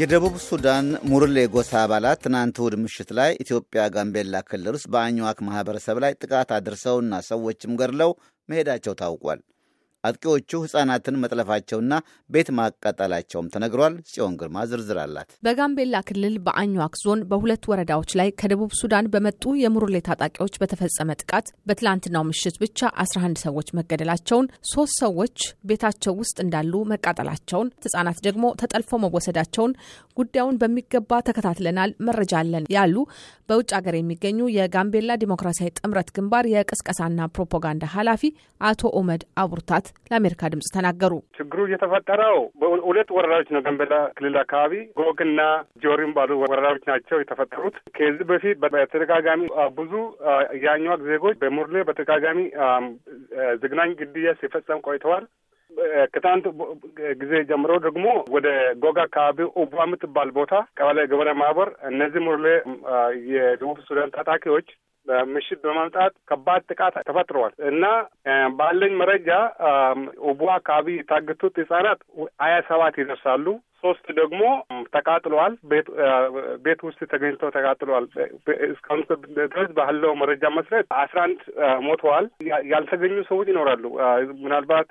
የደቡብ ሱዳን ሙርሌ ጎሳ አባላት ትናንት እሁድ ምሽት ላይ ኢትዮጵያ ጋምቤላ ክልል ውስጥ በአኝዋክ ማህበረሰብ ላይ ጥቃት አድርሰውና ሰዎችም ገድለው መሄዳቸው ታውቋል። አጥቂዎቹ ህጻናትን መጥለፋቸውና ቤት ማቃጠላቸውም ተነግሯል። ጽዮን ግርማ ዝርዝር አላት። በጋምቤላ ክልል በአኟክ ዞን በሁለት ወረዳዎች ላይ ከደቡብ ሱዳን በመጡ የሙርሌ ታጣቂዎች በተፈጸመ ጥቃት በትላንትናው ምሽት ብቻ 11 ሰዎች መገደላቸውን፣ ሶስት ሰዎች ቤታቸው ውስጥ እንዳሉ መቃጠላቸውን፣ ህጻናት ደግሞ ተጠልፈው መወሰዳቸውን ጉዳዩን በሚገባ ተከታትለናል፣ መረጃ አለን ያሉ በውጭ ሀገር የሚገኙ የጋምቤላ ዲሞክራሲያዊ ጥምረት ግንባር የቅስቀሳና ፕሮፓጋንዳ ኃላፊ አቶ ኦመድ አቡርታት ለአሜሪካ ድምጽ ተናገሩ። ችግሩ የተፈጠረው ሁለት ወረዳዎች ነው። ጋምቤላ ክልል አካባቢ ጎግና ጆሪም ባሉ ወረዳዎች ናቸው የተፈጠሩት። ከዚህ በፊት በተደጋጋሚ ብዙ የአኝዋክ ዜጎች በሙርሌ በተደጋጋሚ ዝግናኝ ግድያ ሲፈጸም ቆይተዋል። ከትናንት ጊዜ ጀምሮ ደግሞ ወደ ጎግ አካባቢ ኡባ የምትባል ቦታ ቀበሌ ገበሬ ማህበር እነዚህ ሙርሌ የደቡብ ሱዳን ታጣቂዎች ምሽት በማምጣት ከባድ ጥቃት ተፈጥረዋል እና ባለኝ መረጃ ኡቡ አካባቢ የታገቱት ህጻናት ሀያ ሰባት ይደርሳሉ። ሶስት ደግሞ ተቃጥለዋል። ቤት ውስጥ ተገኝተው ተቃጥለዋል። እስካሁን ድረስ ባለው መረጃ መሰረት አስራ አንድ ሞተዋል። ያልተገኙ ሰዎች ይኖራሉ። ምናልባት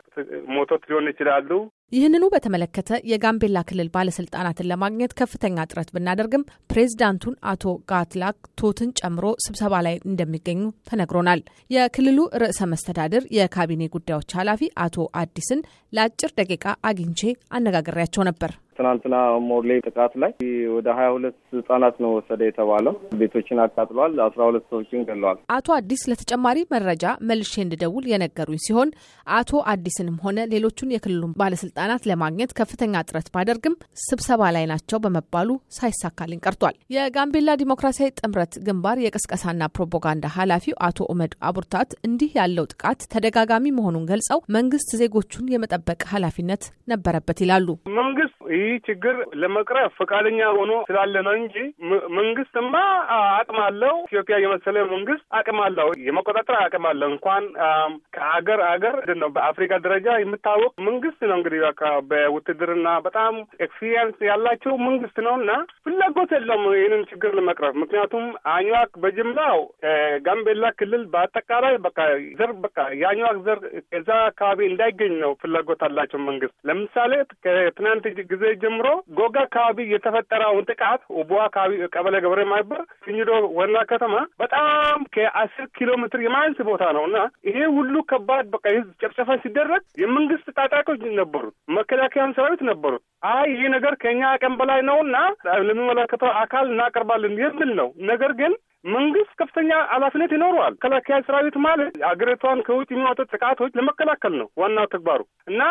ሞቶት ሊሆን ይችላሉ። ይህንኑ በተመለከተ የጋምቤላ ክልል ባለስልጣናትን ለማግኘት ከፍተኛ ጥረት ብናደርግም ፕሬዚዳንቱን አቶ ጋትላክ ቶትን ጨምሮ ስብሰባ ላይ እንደሚገኙ ተነግሮናል። የክልሉ ርዕሰ መስተዳድር የካቢኔ ጉዳዮች ኃላፊ አቶ አዲስን ለአጭር ደቂቃ አግኝቼ አነጋግሬያቸው ነበር። ትናንትና ሞርሌ ጥቃት ላይ ወደ ሀያ ሁለት ህጻናት ነው ወሰደ የተባለው። ቤቶችን አቃጥሏል። አስራ ሁለት ሰዎችን ገለዋል። አቶ አዲስ ለተጨማሪ መረጃ መልሼ እንድደውል የነገሩኝ ሲሆን አቶ አዲስንም ሆነ ሌሎቹን የክልሉን ባለስልጣናት ለማግኘት ከፍተኛ ጥረት ባደርግም ስብሰባ ላይ ናቸው በመባሉ ሳይሳካልኝ ቀርቷል። የጋምቤላ ዲሞክራሲያዊ ጥምረት ግንባር የቅስቀሳና ፕሮፓጋንዳ ኃላፊው አቶ ኡመድ አቡርታት እንዲህ ያለው ጥቃት ተደጋጋሚ መሆኑን ገልጸው መንግስት ዜጎቹን የመጠበቅ ኃላፊነት ነበረበት ይላሉ። መንግስት ይህ ችግር ለመቅረፍ ፈቃደኛ ሆኖ ስላለ ነው እንጂ መንግስትማ አቅም አለው። ኢትዮጵያ የመሰለ መንግስት አቅም አለው፣ የመቆጣጠር አቅም አለው። እንኳን ከአገር አገር ነው በአፍሪካ ደረጃ የምታወቅ መንግስት ነው። እንግዲህ በውትድርና በጣም ኤክስፒሪየንስ ያላቸው መንግስት ነው እና ፍላጎት የለውም ይህንን ችግር ለመቅረፍ። ምክንያቱም አኝዋክ በጅምላው ጋምቤላ ክልል በአጠቃላይ በቃ ዘር በቃ የአኝዋክ ዘር እዛ አካባቢ እንዳይገኝ ነው ፍላጎት አላቸው መንግስት። ለምሳሌ ከትናንት ጊዜ ጀምሮ ጎጋ አካባቢ የተፈጠረውን ጥቃት ቦ አካባቢ ቀበሌ ገብረ ማይበር ፊኝዶ ወና ከተማ በጣም ከአስር ኪሎ ሜትር የማያንስ ቦታ ነው እና ይሄ ሁሉ ከባድ በቃ ህዝብ ጨፍጨፋ ሲደረግ የመንግስት ታጣቂዎች ነበሩት፣ መከላከያን ሰራዊት ነበሩት። አይ ይሄ ነገር ከኛ አቅም በላይ ነው እና ለሚመለከተው አካል እናቀርባለን የሚል ነው። ነገር ግን መንግስት ከፍተኛ ኃላፊነት ይኖረዋል። መከላከያ ሰራዊት ማለት አገሪቷን ከውጭ የሚወጡ ጥቃቶች ለመከላከል ነው ዋናው ተግባሩ እና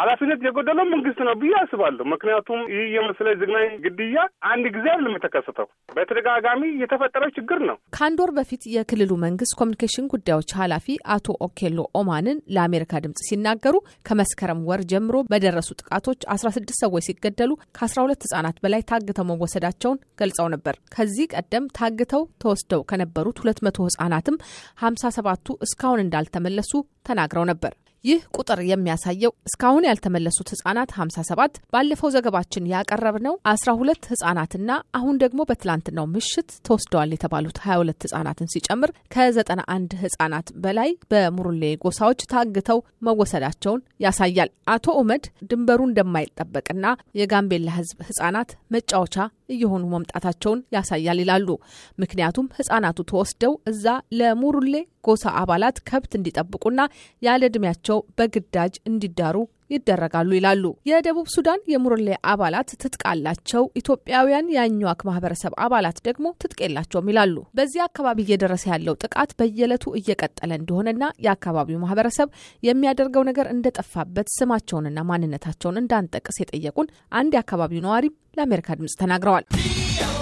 ኃላፊነት የጎደለው መንግስት ነው ብዬ አስባለሁ። ምክንያቱም ይህ የመሰለ ዘግናኝ ግድያ አንድ ጊዜ አይደለም የተከሰተው፣ በተደጋጋሚ የተፈጠረው ችግር ነው። ከአንድ ወር በፊት የክልሉ መንግስት ኮሚኒኬሽን ጉዳዮች ኃላፊ አቶ ኦኬሎ ኦማንን ለአሜሪካ ድምጽ ሲናገሩ ከመስከረም ወር ጀምሮ በደረሱ ጥቃቶች አስራ ስድስት ሰዎች ሲገደሉ ከአስራ ሁለት ህጻናት በላይ ታግተው መወሰዳቸውን ገልጸው ነበር። ከዚህ ቀደም ታግተው ተወስደው ከነበሩት 200 ህጻናትም 57ቱ እስካሁን እንዳልተመለሱ ተናግረው ነበር። ይህ ቁጥር የሚያሳየው እስካሁን ያልተመለሱት ህጻናት 57 ባለፈው ዘገባችን ያቀረብነው 12 ህጻናትና አሁን ደግሞ በትላንትናው ምሽት ተወስደዋል የተባሉት 22 ህጻናትን ሲጨምር ከ91 ህጻናት በላይ በሙሩሌ ጎሳዎች ታግተው መወሰዳቸውን ያሳያል። አቶ ኡመድ ድንበሩ እንደማይጠበቅና የጋምቤላ ህዝብ ህጻናት መጫወቻ እየሆኑ መምጣታቸውን ያሳያል ይላሉ። ምክንያቱም ህጻናቱ ተወስደው እዛ ለሙሩሌ ጎሳ አባላት ከብት እንዲጠብቁና ያለ በግዳጅ እንዲዳሩ ይደረጋሉ ይላሉ። የደቡብ ሱዳን የሙርሌ አባላት ትጥቅ አላቸው፣ ኢትዮጵያውያን የአኟክ ማህበረሰብ አባላት ደግሞ ትጥቅ የላቸውም ይላሉ። በዚህ አካባቢ እየደረሰ ያለው ጥቃት በየዕለቱ እየቀጠለ እንደሆነና የአካባቢው ማህበረሰብ የሚያደርገው ነገር እንደጠፋበት ስማቸውንና ማንነታቸውን እንዳንጠቅስ የጠየቁን አንድ የአካባቢው ነዋሪም ለአሜሪካ ድምጽ ተናግረዋል።